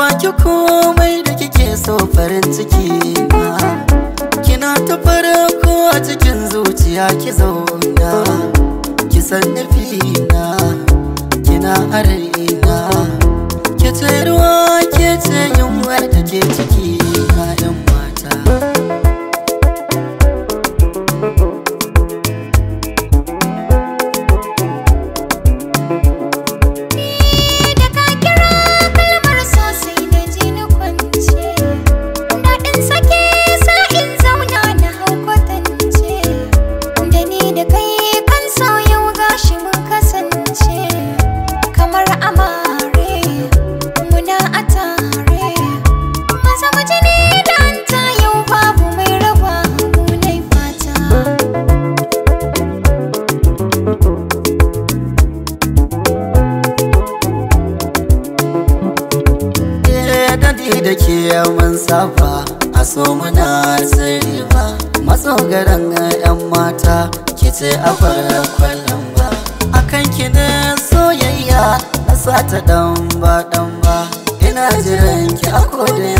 baki komai da kike so farin ciki ma kina ta farko a cikin zuciya ki zauna ki san nufina kina arena ki ce ruwa ke ce yunwar da ke ciki da ke mun saba a so muna sirri ba garin yan mata ki ce a fara kwallon ba akan ki na soyayya na sata dan ba dan ba ina jiran ki a koda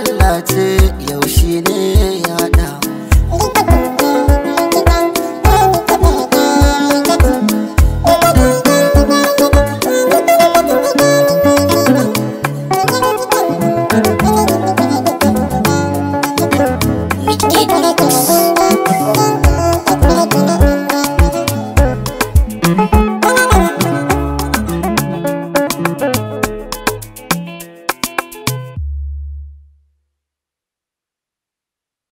ce